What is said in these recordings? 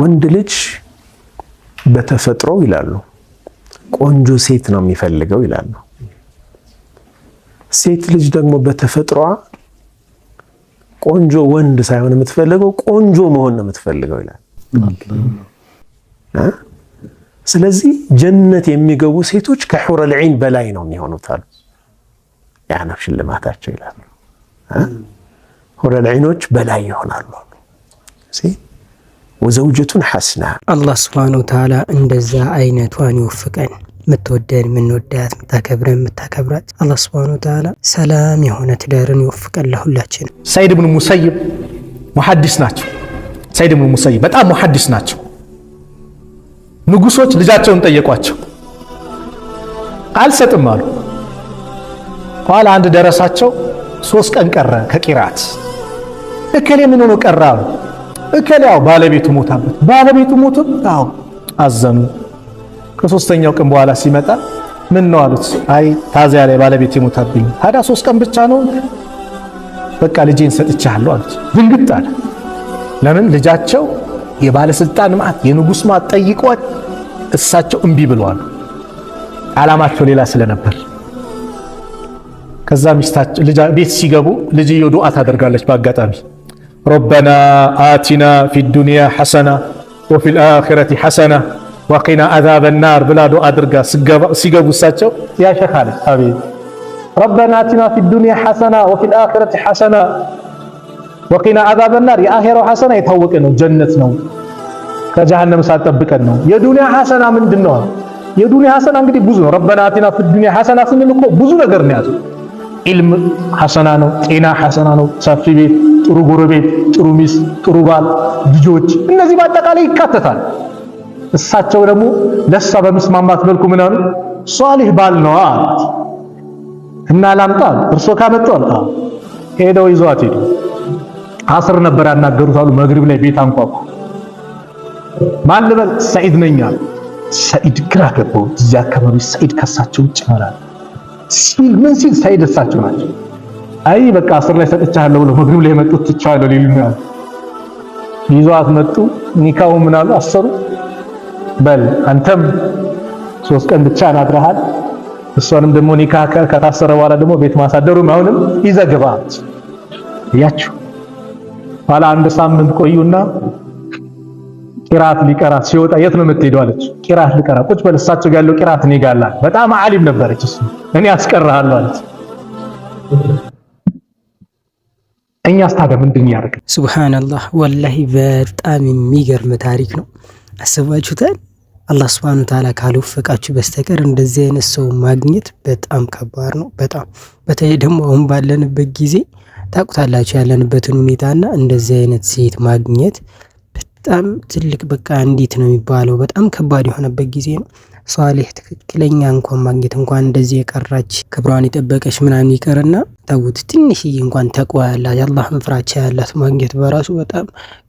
ወንድ ልጅ በተፈጥሮ ይላሉ ቆንጆ ሴት ነው የሚፈልገው ይላሉ። ሴት ልጅ ደግሞ በተፈጥሯ ቆንጆ ወንድ ሳይሆን የምትፈልገው ቆንጆ መሆን ነው የምትፈልገው ይላል። ስለዚህ ጀነት የሚገቡ ሴቶች ከሑረል ዒን በላይ ነው የሚሆኑት አሉ። ያ ሽልማታቸው ይላሉ። ሑረል በላይ ይሆናሉ። ወዘውጀቱን ሐስና አላህ ስብሓነ ወተዓላ እንደዛ አይነቷን ይወፍቀን። ምትወደን ምንወዳት፣ ምታከብረን ምታከብራት አላህ ስብሓነ ወተዓላ ሰላም የሆነ ትዳርን ይወፍቀን ለሁላችን። ሰይድ ብኑ ሙሰይብ ሙሐዲስ ናቸው። ሰይድ ብኑ ሙሰይብ በጣም ሙሐዲስ ናቸው። ንጉሶች ልጃቸውን ጠየቋቸው፣ አልሰጥም አሉ። ኋላ አንድ ደረሳቸው፣ ሶስት ቀን ቀረ ከቂራት እከሌ ምን ሆኖ ቀረ አሉ ያው ባለቤቱ ሞታበት ባለቤቱ ሞቱም አዎ አዘኑ። ከሶስተኛው ቀን በኋላ ሲመጣ ምን ነው አሉት። አይ ታዚያ ላይ ባለቤት የሞታብኝ ታዲያ ሶስት ቀን ብቻ ነው በቃ ልጄን ሰጥቻለሁ አሉት። ድንግጥ አለ። ለምን ልጃቸው የባለስልጣን ማት የንጉስ ማት ጠይቋት እሳቸው እምቢ ብለዋል። አላማቸው ሌላ ስለነበር ከዛ ሚስታቸው ቤት ሲገቡ ልጅየው ዱዓ ታደርጋለች በአጋጣሚ ረበና አቲና ፊዱንያ ሐሰና ወፊል አኺረቲ ሐሰና ወቂና አዛበ ናር ብላ ዱዓ አድርጋ ሲገቡ እሳቸው ያሸካለ አቤት ረበና አቲና ፊዱንያ ሐሰና ወፊል አኺረቲ ሐሰና ወቂና አዛበ ናር። የአኼራው ሐሰና የታወቀ ነው፣ ጀነት ነው፣ ከጀሃነም እሳት ነው። የዱንያ ሐሰና ምንድን ነው? የዱንያ ሐሰና እንግዲህ ብዙ ነው። ረበና አቲና ፊዱንያ ሐሰና ስንል እኮ ብዙ ነገር ነው ያዘው ኢልም ሐሰና ነው። ጤና ሐሰና ነው። ሰፊ ቤት፣ ጥሩ ጎረቤት፣ ጥሩ ሚስ ጥሩ ባል፣ ልጆች፣ እነዚህ በአጠቃላይ ይካተታል። እሳቸው ደግሞ ለሷ በምስማማት መልኩ ምን አሉ? ሷሊህ ባል ነው አላት እና ላምጣ እርሶ ካመጡ አልታ ሄደው ይዟት ሄዱ። አስር ነበር ያናገሩት አሉ። መግሪብ ላይ ቤት አንኳኩ። ማን ልበል? ሰዒድ ነኝ አሉ። ሰዒድ ግራ ገባው። እዚህ አካባቢ ሰዒድ ከሳቸው ውጭ ማለት ሲል ምን ሲል ሳይደርሳቸው ናቸው። አይ በቃ አስር ላይ ሰጥቻለሁ ብለው ምግብ ላይ የመጡት ትቻለሁ ሊሉኛል። ይዟት መጡ። ኒካው ምን አሉ አሰሩ። በል አንተም ሶስት ቀን ብቻ አድረሃል። እሷንም ደግሞ ኒካ ከታሰረ በኋላ ደግሞ ቤት ማሳደሩም አሁንም ይዘግባት እያችሁ ኋላ አንድ ሳምንት ቆዩና ቂራት ሊቀራ ሲወጣ የት ነው የምትሄደው? አለች። ቂራት ሊቀራ ቁጭ በል እሳቸው ጋር ያለው ቂራት እኔ ጋር አለ። በጣም ዓሊም ነበረች እሱ እኔ አስቀራለሁ አለች። እኛስ ታዲያ ምንድን ያደርግ? ሱብሃንአላህ ወላሂ በጣም የሚገርም ታሪክ ነው። አስባችሁታል? አላህ ሱብሃነሁ ወተዓላ ካልወፈቃችሁ በስተቀር እንደዚህ አይነት ሰው ማግኘት በጣም ከባድ ነው። በጣም በተለይ ደግሞ አሁን ባለንበት ጊዜ ታውቁታላችሁ ያለንበትን ሁኔታና እንደዚህ አይነት ሴት ማግኘት በጣም ትልቅ በቃ እንዴት ነው የሚባለው፣ በጣም ከባድ የሆነበት ጊዜ ነው። ሷሌህ ትክክለኛ እንኳን ማግኘት እንኳን እንደዚህ የቀራች ክብሯን የጠበቀች ምናምን ይቀርና ተውት፣ ትንሽዬ እንኳን ተቋ ያላት የአላህን ፍራቻ ያላት ማግኘት በራሱ በጣም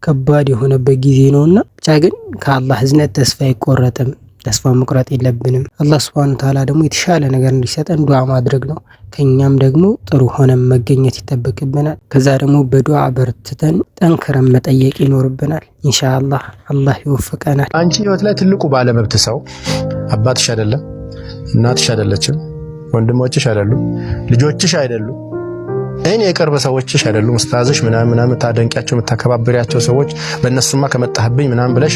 ከባድ የሆነበት ጊዜ ነው እና ብቻ ግን ከአላህ እዝነት ተስፋ አይቆረጥም። ተስፋ መቁረጥ የለብንም። አላህ ስብሐነሁ ተዓላ ደግሞ የተሻለ ነገር እንዲሰጠን ዱዓ ማድረግ ነው። ከኛም ደግሞ ጥሩ ሆነን መገኘት ይጠበቅብናል። ከዛ ደግሞ በዱዓ በርትተን ጠንክረን መጠየቅ ይኖርብናል። ኢንሻአላህ አላህ ይወፍቀናል። አንቺ ህይወት ላይ ትልቁ ባለመብት ሰው አባትሽ አይደለም፣ እናትሽ አይደለችም፣ ወንድሞችሽ አይደሉም፣ ልጆችሽ አይደሉም እኔ የቅርብ ሰዎችሽ አይደሉም ስታዝሽ ምናምን ምናምን ታደንቂያቸው የምታከባብሪያቸው ሰዎች በእነሱማ ከመጣህብኝ ምናምን ብለሽ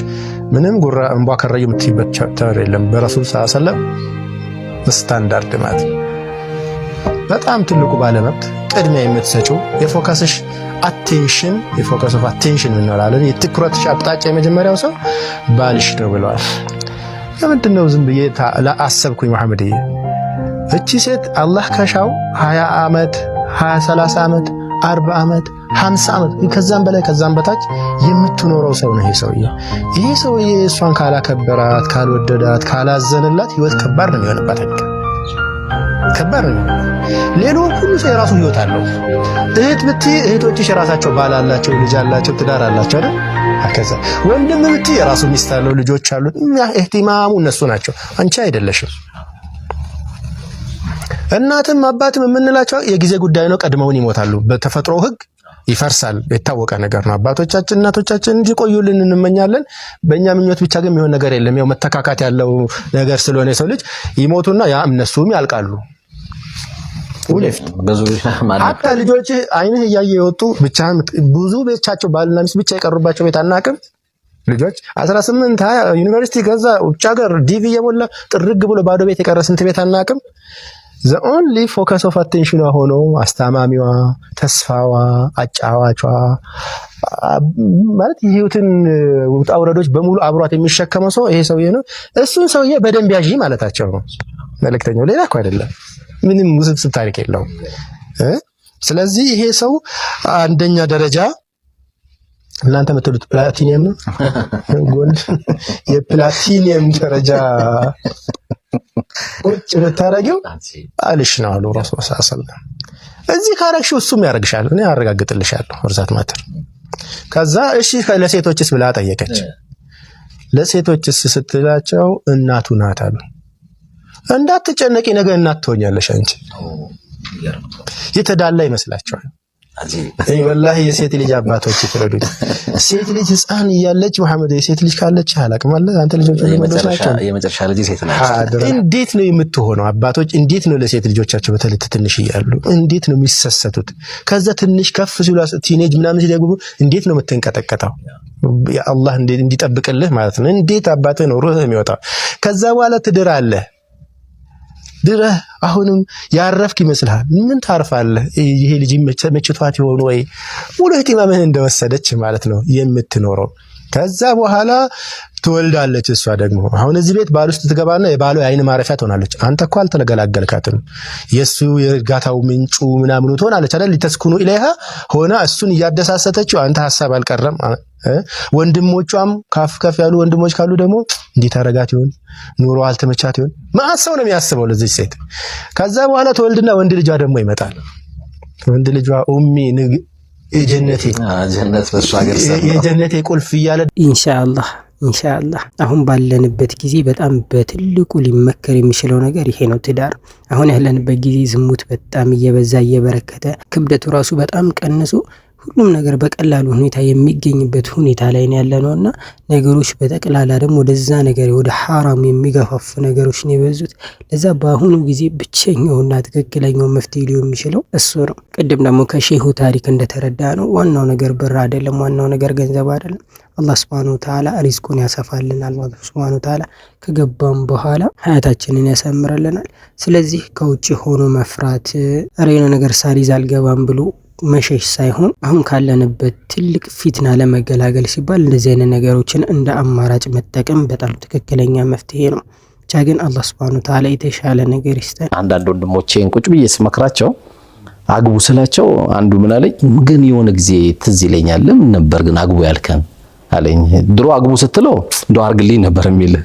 ምንም ጉራ እንቧ ከረዩ የምትይበት ቻፕተር የለም። በረሱል ሰለም ስታንዳርድ ማለት በጣም ትልቁ ባለመብት ቅድሚያ የምትሰጪው የፎከስሽ አቴንሽን የፎከስ ኦፍ አቴንሽን እንላለን። የትኩረትሽ አቅጣጫ የመጀመሪያው ሰው ባልሽ ነው ብለዋል። ለምንድን ነው ዝም ብዬ አሰብኩኝ መሐመድዬ፣ እቺ ሴት አላህ ከሻው 20 ዓመት 20 30 ዓመት 40 ዓመት 50 ዓመት ከዛም በላይ ከዛም በታች የምትኖረው ሰው ነው ይሄ ሰውዬ። ይሄ ሰውዬ እሷን ካላከበራት፣ ካልወደዳት፣ ካላዘንላት ህይወት ከባድ ነው የሚሆንባት። ከባድ ነው። ሌላው ሁሉ ሰው የራሱ ህይወት አለው። እህት ብትይ እህቶችሽ የራሳቸው ባል አላቸው፣ ልጅ አላቸው፣ ትዳር አላቸው አይደል? ከዛ ወንድም ብትይ የራሱ ሚስት አለው፣ ልጆች አሉት። እህቲማሙ እነሱ ናቸው፣ አንቺ አይደለሽም። እናትም አባትም የምንላቸው የጊዜ ጉዳይ ነው፣ ቀድመውን ይሞታሉ። በተፈጥሮ ህግ ይፈርሳል። የታወቀ ነገር ነው። አባቶቻችን እናቶቻችን እንዲቆዩልን እንመኛለን። በእኛ ምኞት ብቻ ግን የሚሆን ነገር የለም። ያው መተካካት ያለው ነገር ስለሆነ የሰው ልጅ ይሞቱና ያ እነሱም ያልቃሉ። ሀታ ልጆች አይንህ እያየ የወጡ ብቻ ብዙ ቤቻቸው ባልና ሚስት ብቻ የቀሩባቸው ቤት አናቅም። ልጆች 18 ሀያ ዩኒቨርሲቲ ከዛ ውጭ ሀገር ዲቪ የሞላ ጥርግ ብሎ ባዶ ቤት የቀረ ስንት ቤት አናቅም። ዘ ኦንሊ ፎከስ ኦፍ አቴንሽኗ ሆኖ አስታማሚዋ፣ ተስፋዋ፣ አጫዋቿ ማለት የህይወትን ውጣ ውረዶች በሙሉ አብሯት የሚሸከመው ሰው ይሄ ሰውዬ ነው። እሱን ሰውዬ በደንብ ያዥ ማለታቸው ነው መልእክተኛው። ሌላ እኮ አይደለም። ምንም ውስብስብ ታሪክ የለውም። ስለዚህ ይሄ ሰው አንደኛ ደረጃ እናንተ የምትሉት ፕላቲኒየም ነው። ጎልድ የፕላቲኒየም ደረጃ ቁጭ ብታረጊው አልሽ ነው አሉ ረሱል ሰለላሁ እዚህ ካረግሽው እሱም ያረግሻል። እኔ አረጋግጥልሻለሁ። እርዛት ማተር ከዛ እሺ ለሴቶችስ ብላ ጠየቀች። ለሴቶችስ ስትላቸው እናቱ ናት አሉ። እንዳትጨነቂ ነገ እናት ትሆኛለሽ አንቺ። የተዳላ ይመስላችኋል ወላሂ የሴት ልጅ አባቶች ይፍረዱ። ሴት ልጅ ህፃን እያለች መሐመድ የሴት ልጅ ካለች አላቅም አለ አንተ ልጆች የመጨረሻ ልጅ ሴት ናቸው። እንዴት ነው የምትሆነው? አባቶች እንዴት ነው ለሴት ልጆቻቸው በተለይ ትንሽ እያሉ እንዴት ነው የሚሰሰቱት? ከዛ ትንሽ ከፍ ሲሉ ቲኔጅ ምናምን ሲደግሙ እንዴት ነው የምትንቀጠቀጠው? አላህ እንዲጠብቅልህ ማለት ነው። እንዴት አባትህ ነው ሩህ የሚወጣው? ከዛ በኋላ ትድር አለ ድረህ አሁንም ያረፍክ ይመስልሃል። ምን ታርፋለህ? ይሄ ልጅ መችቷት የሆኑ ወይ ሙሉ ህቲማምህን እንደወሰደች ማለት ነው የምትኖረው። ከዛ በኋላ ትወልዳለች። እሷ ደግሞ አሁን እዚህ ቤት ባል ውስጥ ትገባና የባሏ የአይን ማረፊያ ትሆናለች። አንተ እኮ አልተገላገልካትም። የእሱ የእርጋታው ምንጩ ምናምኑ ትሆናለች አይደል? ሊተስኩኑ ኢለይሃ ሆና እሱን እያደሳሰተችው አንተ ሀሳብ አልቀረም። ወንድሞቿም ከፍ ከፍ ያሉ ወንድሞች ካሉ ደግሞ እንዴት አረጋት ይሆን? ኑሮ አልተመቻት ይሆን? መዓት ሰው ነው የሚያስበው ለዚህ ሴት። ከዛ በኋላ ትወልድና ወንድ ልጇ ደግሞ ይመጣል። ወንድ ልጇ ኡሚ የጀነቴ የጀነቴ ቁልፍ እያለ ኢንሻአላህ ኢንሻአላህ አሁን ባለንበት ጊዜ በጣም በትልቁ ሊመከር የሚችለው ነገር ይሄ ነው። ትዳር አሁን ያለንበት ጊዜ ዝሙት በጣም እየበዛ እየበረከተ ክብደቱ ራሱ በጣም ቀንሶ ሁሉም ነገር በቀላሉ ሁኔታ የሚገኝበት ሁኔታ ላይ ነው ያለ ነው እና ነገሮች በጠቅላላ ደግሞ ወደዛ ነገር ወደ ሐራም የሚገፋፉ ነገሮች ነው የበዙት። ለዛ በአሁኑ ጊዜ ብቸኛውና ትክክለኛው መፍትሄ ሊሆን የሚችለው እሱ ነው። ቅድም ደግሞ ከሼሁ ታሪክ እንደተረዳ ነው ዋናው ነገር ብር አይደለም፣ ዋናው ነገር ገንዘብ አይደለም። አላህ ስብሃነ ወተዓላ ሪዝቁን ያሰፋልናል። አላህ ስብሃነ ወተዓላ ከገባም በኋላ ሀያታችንን ያሳምረልናል። ስለዚህ ከውጭ ሆኖ መፍራት ሬ ነገር ሳሪዝ አልገባም ብሎ መሸሽ ሳይሆን አሁን ካለንበት ትልቅ ፊትና ለመገላገል ሲባል እንደዚህ አይነት ነገሮችን እንደ አማራጭ መጠቀም በጣም ትክክለኛ መፍትሄ ነው። ብቻ ግን አላህ ሱብሃነሁ ወተዓላ የተሻለ ነገር ይስጠን። አንዳንድ ወንድሞቼን ቁጭ ብዬ ስመክራቸው አግቡ ስላቸው አንዱ ምን አለኝ፣ ግን የሆነ ጊዜ ትዝ ይለኛል ለምን ነበር ግን አግቡ ያልከን አለኝ። ድሮ አግቡ ስትለው ዱአ አርግልኝ ነበር የሚል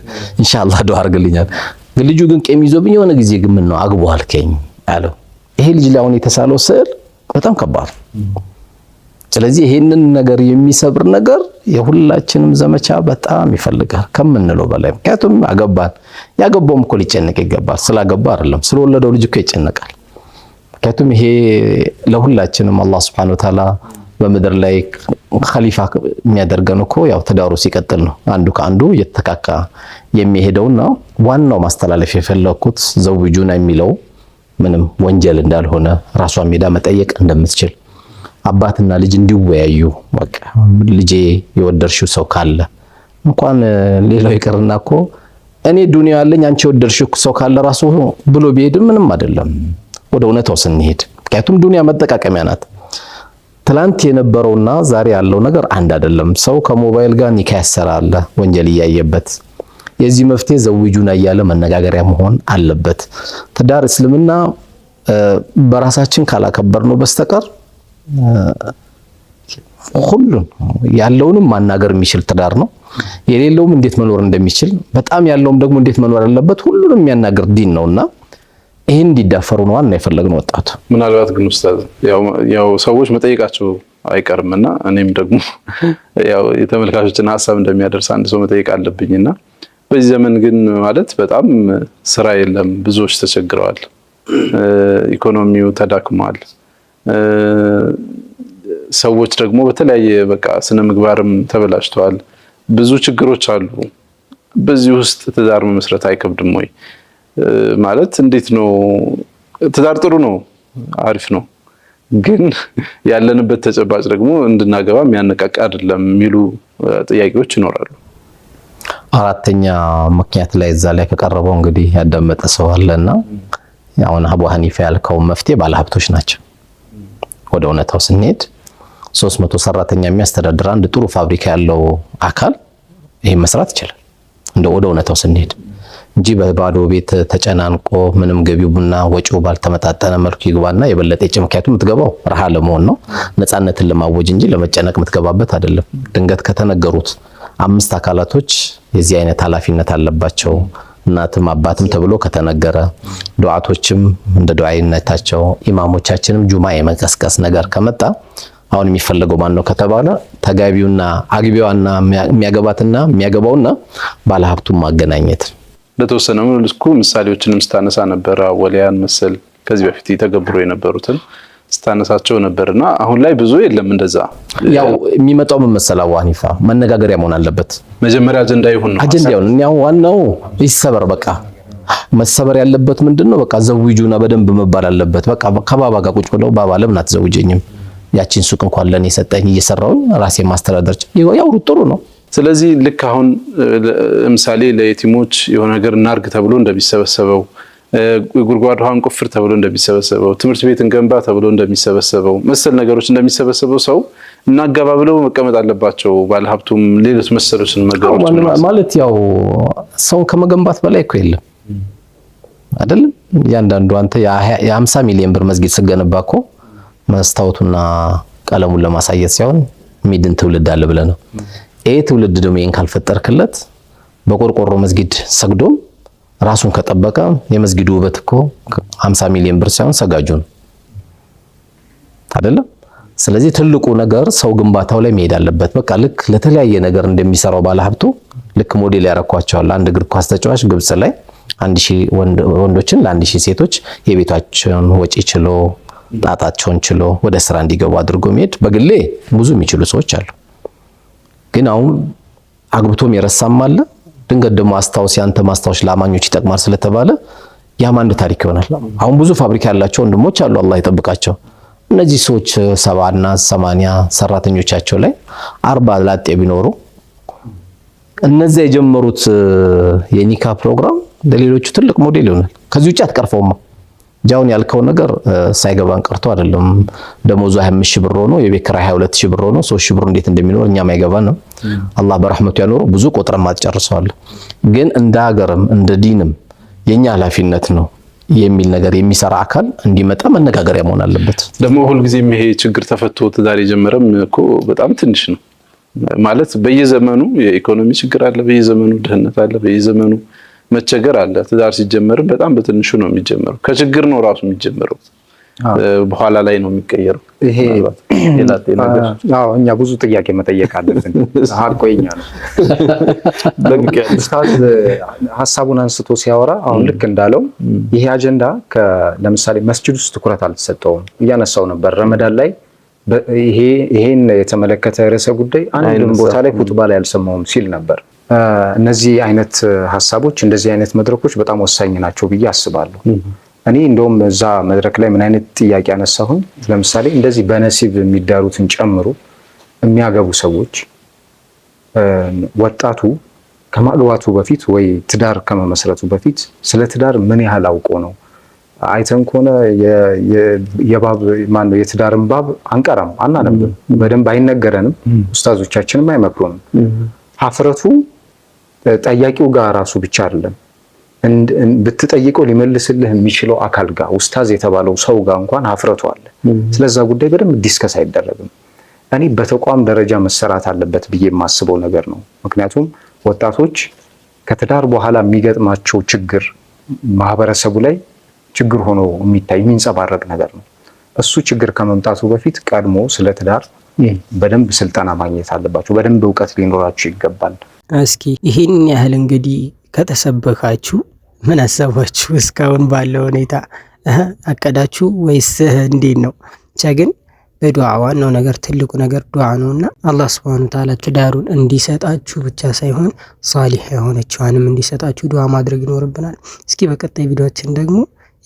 ኢንሻአላህ አርግልኛል። ግን ልጁ ግን ቄም ይዞብኝ የሆነ ጊዜ ግን ምን ነው አግቡ አልከኝ አለው። ይሄ ልጅ ላይ አሁን የተሳለው ስዕል በጣም ከባድ ስለዚህ ይሄንን ነገር የሚሰብር ነገር የሁላችንም ዘመቻ በጣም ይፈልጋል ከምንለው በላይ። ምክንያቱም አገባን ያገባውም እኮ ሊጨነቅ ይገባል። ስላገባ አይደለም ስለወለደው ልጅ እኮ ይጨነቃል። ምክንያቱም ይሄ ለሁላችንም አላህ ሱብሓነሁ ወተዓላ በምድር ላይ ኸሊፋ የሚያደርገን እኮ ያው ትዳሩ ሲቀጥል ነው። አንዱ ከአንዱ የሚሄደው የሚሄደውና ዋናው ማስተላለፍ የፈለኩት ዘውጁና የሚለው ምንም ወንጀል እንዳልሆነ ራሷን ሜዳ መጠየቅ እንደምትችል አባትና ልጅ እንዲወያዩ በቃ ልጄ የወደድሽው ሰው ካለ እንኳን ሌላው ይቅርና እኮ እኔ ዱንያ ያለኝ አንቺ የወደድሽው ሰው ካለ ራሱ ብሎ ቢሄድም ምንም አይደለም። ወደ እውነታው ስንሄድ ምክንያቱም ዱንያ መጠቃቀሚያ ናት። ትላንት የነበረውና ዛሬ ያለው ነገር አንድ አይደለም። ሰው ከሞባይል ጋር ኒካ ያሰራል፣ ወንጀል እያየበት የዚህ መፍትሄ ዘውጁና እያለ መነጋገሪያ መሆን አለበት። ትዳር እስልምና በራሳችን ካላከበር ነው በስተቀር ሁሉን ያለውንም ማናገር የሚችል ትዳር ነው። የሌለውም እንዴት መኖር እንደሚችል በጣም ያለውም ደግሞ እንዴት መኖር አለበት ሁሉንም የሚያናገር ዲን ነውና ይህን እንዲዳፈሩ ነው ዋና የፈለግነው ወጣቱ። ምናልባት ግን ኡስታዝ ያው ሰዎች መጠየቃቸው አይቀርምና እኔም ደግሞ ያው የተመልካቾችን ሀሳብ እንደሚያደርስ አንድ ሰው መጠየቅ አለብኝና በዚህ ዘመን ግን ማለት በጣም ስራ የለም፣ ብዙዎች ተቸግረዋል፣ ኢኮኖሚው ተዳክሟል። ሰዎች ደግሞ በተለያየ በቃ ስነ ምግባርም ተበላሽተዋል። ብዙ ችግሮች አሉ። በዚህ ውስጥ ትዳር መመስረት አይከብድም ወይ? ማለት እንዴት ነው? ትዳር ጥሩ ነው፣ አሪፍ ነው። ግን ያለንበት ተጨባጭ ደግሞ እንድናገባ የሚያነቃቃ አይደለም የሚሉ ጥያቄዎች ይኖራሉ። አራተኛ ምክንያት ላይ እዛ ላይ ከቀረበው እንግዲህ ያዳመጠ ሰው አለና አሁን አቡ ሐኒፋ ያልከውን መፍትሄ ባለሀብቶች ናቸው። ወደ እውነታው ስንሄድ ሶስት መቶ ሰራተኛ የሚያስተዳድር አንድ ጥሩ ፋብሪካ ያለው አካል ይህ መስራት ይችላል። እንደ ወደ እውነታው ስንሄድ እንጂ በባዶ ቤት ተጨናንቆ ምንም ቡና ወጪው ባልተመጣጠነ መልኩ ይግባና የበለጠ የጭ ምክንያቱ የምትገባው ረሃ ለመሆን ነው፣ ነፃነትን ለማወጅ እንጂ ለመጨነቅ የምትገባበት አይደለም። ድንገት ከተነገሩት አምስት አካላቶች የዚህ አይነት ኃላፊነት አለባቸው። እናትም አባትም ተብሎ ከተነገረ ዱዓቶችም እንደ ዱዓይነታቸው ኢማሞቻችንም ጁማ የመቀስቀስ ነገር ከመጣ አሁን የሚፈለገው ማን ነው ከተባለ ተጋቢውና አግቢዋና የሚያገባትና የሚያገባውና ባለሀብቱን ማገናኘት በተወሰነ መልኩ ምሳሌዎችንም ስታነሳ ነበረ። ወሊያን መሰል ከዚህ በፊት ተገብሮ የነበሩትን ስታነሳቸው ነበርና አሁን ላይ ብዙ የለም። እንደዛ ያው የሚመጣው ምን መሰላ ዋኒፋ መነጋገሪያ መሆን አለበት። መጀመሪያ አጀንዳ ይሁን ነው አጀንዳ ይሁን። ያው ዋናው ይሰበር በቃ መሰበር ያለበት ምንድን ነው? በቃ ዘውጁና በደንብ መባል አለበት። በቃ ከባባ ጋር ቁጭ ብለው ባባ ለምን አትዘውጀኝም? ያቺን ሱቅ እንኳን ለኔ የሰጠኝ እየሰራሁኝ ራሴ ማስተዳደር ያውሩ ጥሩ ነው። ስለዚህ ልክ አሁን ለምሳሌ ለየቲሞች የሆነ ነገር እናርግ ተብሎ እንደሚሰበሰበው የጉድጓድ ውሃን ቁፍር ተብሎ እንደሚሰበሰበው፣ ትምህርት ቤት እንገንባ ተብሎ እንደሚሰበሰበው፣ መሰል ነገሮች እንደሚሰበሰበው ሰው እናገባ ብለው መቀመጥ አለባቸው። ባለሀብቱም ሌሎች መሰሎች ነገሮች ማለት ያው ሰው ከመገንባት በላይ እኮ የለም አይደለም። እያንዳንዱ አንተ የሀምሳ ሚሊዮን ብር መስጊድ ስገነባ እኮ መስታወቱና ቀለሙን ለማሳየት ሳይሆን ሚድን ትውልድ አለ ብለህ ነው። ይህ ትውልድ ደግሞ ይህን ካልፈጠርክለት በቆርቆሮ መስጊድ ሰግዶም ራሱን ከጠበቀ የመስጊዱ ውበት እኮ 50 ሚሊዮን ብር ሳይሆን ሰጋጁ ነው አይደለም። ስለዚህ ትልቁ ነገር ሰው ግንባታው ላይ መሄድ አለበት። በቃ ልክ ለተለያየ ነገር እንደሚሰራው ባለሀብቱ ልክ ሞዴል ያረኳቸዋል። አንድ እግር ኳስ ተጫዋች ግብጽ ላይ አንድ ሺህ ወንዶችን ለአንድ ሺህ ሴቶች የቤታቸውን ወጪ ችሎ ጣጣቸውን ችሎ ወደ ስራ እንዲገቡ አድርጎ መሄድ። በግሌ ብዙ የሚችሉ ሰዎች አሉ፣ ግን አሁን አግብቶም የረሳም አለ ድንገት ደግሞ አስታውስ፣ ያንተ ማስታወስ ለአማኞች ይጠቅማል ስለተባለ ያም አንድ ታሪክ ይሆናል። አሁን ብዙ ፋብሪካ ያላቸው ወንድሞች አሉ፣ አላህ ይጠብቃቸው። እነዚህ ሰዎች ሰባና ሰማንያ ሰራተኞቻቸው ላይ አርባ ላጤ ቢኖሩ እነዚያ የጀመሩት የኒካ ፕሮግራም ለሌሎቹ ትልቅ ሞዴል ይሆናል። ከዚህ ውጭ አትቀርፈውማ። ጃውን ያልከው ነገር ሳይገባን ቀርቶ አይደለም። ደሞዙ 25 ሺህ ብር ሆኖ የቤት ኪራይ 22 ሺህ ብር ሆኖ 3 ሺህ ብር እንዴት እንደሚኖር እኛም አይገባን ነው። አላህ በረህመቱ ያኖረው ብዙ ቁጥር አትጨርሰዋለን። ግን እንደ ሀገርም እንደ ዲንም የኛ ኃላፊነት ነው የሚል ነገር የሚሰራ አካል እንዲመጣ መነጋገሪያ መሆን አለበት። ደግሞ ሁልጊዜም ይሄ ችግር ተፈቶ ትዳር የጀመረም እኮ በጣም ትንሽ ነው ማለት በየዘመኑ የኢኮኖሚ ችግር አለ፣ በየዘመኑ ድህነት አለ፣ በየዘመኑ መቸገር አለ። ትዳር ሲጀመርም በጣም በትንሹ ነው የሚጀመረው። ከችግር ነው ራሱ የሚጀመረው፣ በኋላ ላይ ነው የሚቀየረው። ይሄ አዎ፣ እኛ ብዙ ጥያቄ መጠየቅ አለብን። ነው ሀሳቡን አንስቶ ሲያወራ አሁን ልክ እንዳለው ይሄ አጀንዳ ለምሳሌ መስጅድ ውስጥ ትኩረት አልተሰጠውም። እያነሳው ነበር ረመዳን ላይ ይሄን የተመለከተ ርዕሰ ጉዳይ አንድም ቦታ ላይ ኩትባ ላይ አልሰማውም ሲል ነበር። እነዚህ አይነት ሀሳቦች እንደዚህ አይነት መድረኮች በጣም ወሳኝ ናቸው ብዬ አስባለሁ። እኔ እንደውም እዛ መድረክ ላይ ምን አይነት ጥያቄ ያነሳሁኝ፣ ለምሳሌ እንደዚህ በነሲብ የሚዳሩትን ጨምሮ የሚያገቡ ሰዎች ወጣቱ ከማግባቱ በፊት ወይ ትዳር ከመመስረቱ በፊት ስለ ትዳር ምን ያህል አውቆ ነው? አይተን ከሆነ የባብ ማነው የትዳርን ባብ አንቀራም፣ አናነብም፣ በደንብ አይነገረንም፣ ኡስታዞቻችንም አይመክሩንም። ሀፍረቱ ጠያቂው ጋር ራሱ ብቻ አይደለም ብትጠይቀው ሊመልስልህ የሚችለው አካል ጋር ውስታዝ የተባለው ሰው ጋር እንኳን አፍረቱ አለ። ስለዛ ጉዳይ በደንብ ዲስከስ አይደረግም። እኔ በተቋም ደረጃ መሰራት አለበት ብዬ የማስበው ነገር ነው። ምክንያቱም ወጣቶች ከትዳር በኋላ የሚገጥማቸው ችግር ማህበረሰቡ ላይ ችግር ሆኖ የሚታይ የሚንጸባረቅ ነገር ነው። እሱ ችግር ከመምጣቱ በፊት ቀድሞ ስለ ትዳር በደንብ ስልጠና ማግኘት አለባቸው። በደንብ እውቀት ሊኖራቸው ይገባል። እስኪ ይህን ያህል እንግዲህ ከተሰበካችሁ ምን አሰባችሁ? እስካሁን ባለው ሁኔታ አቀዳችሁ ወይስ እንዴት ነው? ብቻ ግን በዱዓ ዋናው ነገር ትልቁ ነገር ዱዓ ነው እና አላህ ስብሃነ ወተዓላ ትዳሩን እንዲሰጣችሁ ብቻ ሳይሆን ሳሊሕ የሆነችዋንም እንዲሰጣችሁ ዱዓ ማድረግ ይኖርብናል። እስኪ በቀጣይ ቪዲዮችን ደግሞ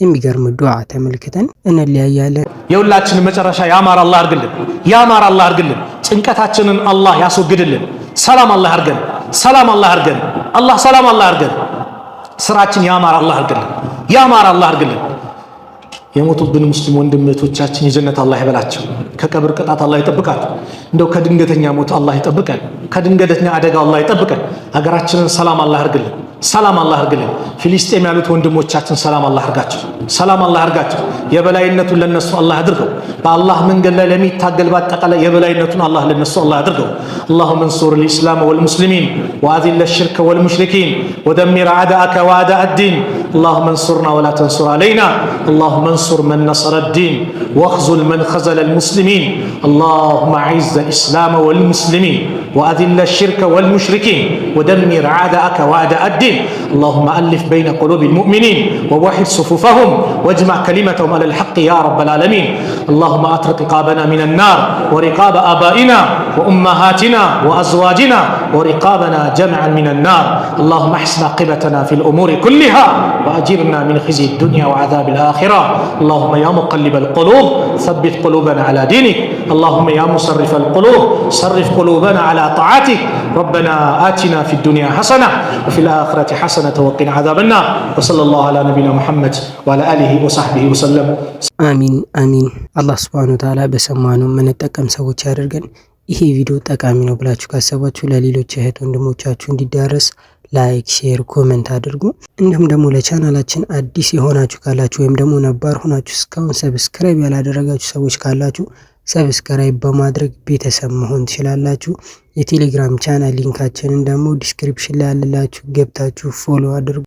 የሚገርም ዱዓ ተመልክተን እንለያያለን። የሁላችን መጨረሻ ያማር አላህ አርግልን ያማር አላህ አርግልን ጭንቀታችንን አላህ ያስወግድልን። ሰላም አላህ አርገን ሰላም አላህ አርገን አላህ ሰላም አላህ አርገን ስራችን ያማር አላህ አድርገን፣ ያማር አላህ አድርገን። የሞቱብን ሙስሊም ወንድም የጀነት አላህ ይበላቸው፣ ከቀብር ቅጣት አላህ ይጠብቃቸው። እንደው ከድንገተኛ ሞት አላህ ይጠብቀን፣ ከድንገተኛ አደጋ አላህ ይጠብቀን። ሀገራችንን ሰላም አላህ አድርግልን። ሰላም አላህ እርግልን። ፊሊስጤም ያሉት ወንድሞቻችን ሰላም አላህ አርጋቸው ሰላም አላህ አርጋቸው የበላይነቱን ለነሱ አላህ አድርገው። በአላህ መንገድ ላይ ለሚታገል በአጠቃላይ የበላይነቱን አላህ ለነሱ አላህ አድርገው። አላሁመ እንሱር ልእስላም ወልሙስሊሚን ወአዚለ ሽርከ ወልሙሽሪኪን ወደሚር አዳአከ ወአዳአ ዲን اللهم انصرنا ولا تنصر علينا اللهم انصر من نصر الدين واخزل من خزل المسلمين اللهم اعز الاسلام والمسلمين واذل الشرك والمشركين ودمر عداءك واعداء الدين اللهم الف بين قلوب المؤمنين ووحد صفوفهم واجمع كلمتهم على الحق يا رب العالمين اللهم اطرق رقابنا من النار ورقاب ابائنا وامهاتنا وازواجنا ورقابنا جمعا من النار اللهم احسن عاقبتنا في الأمور كلها وأجرنا من خزي الدنيا وعذاب الآخرة اللهم يا مقلب القلوب ثبت قلوبنا على دينك اللهم يا مصرف القلوب صرف قلوبنا على طاعتك ربنا آتنا في الدنيا حسنة وفي الآخرة حسنة وقنا عذاب النار وصلى الله على نبينا محمد وعلى آله وصحبه وسلم آمين آمين الله سبحانه وتعالى بسمعنا من التكم سوى ይሄ ቪዲዮ ጠቃሚ ነው ብላችሁ ካሰባችሁ ለሌሎች እህት ወንድሞቻችሁ እንዲዳረስ ላይክ፣ ሼር፣ ኮመንት አድርጉ። እንዲሁም ደግሞ ለቻናላችን አዲስ የሆናችሁ ካላችሁ ወይም ደግሞ ነባር ሆናችሁ እስካሁን ሰብስክራይብ ያላደረጋችሁ ሰዎች ካላችሁ ሰብስክራይብ በማድረግ ቤተሰብ መሆን ትችላላችሁ። የቴሌግራም ቻናል ሊንካችንን ደግሞ ዲስክሪፕሽን ላይ ያለላችሁ ገብታችሁ ፎሎ አድርጉ።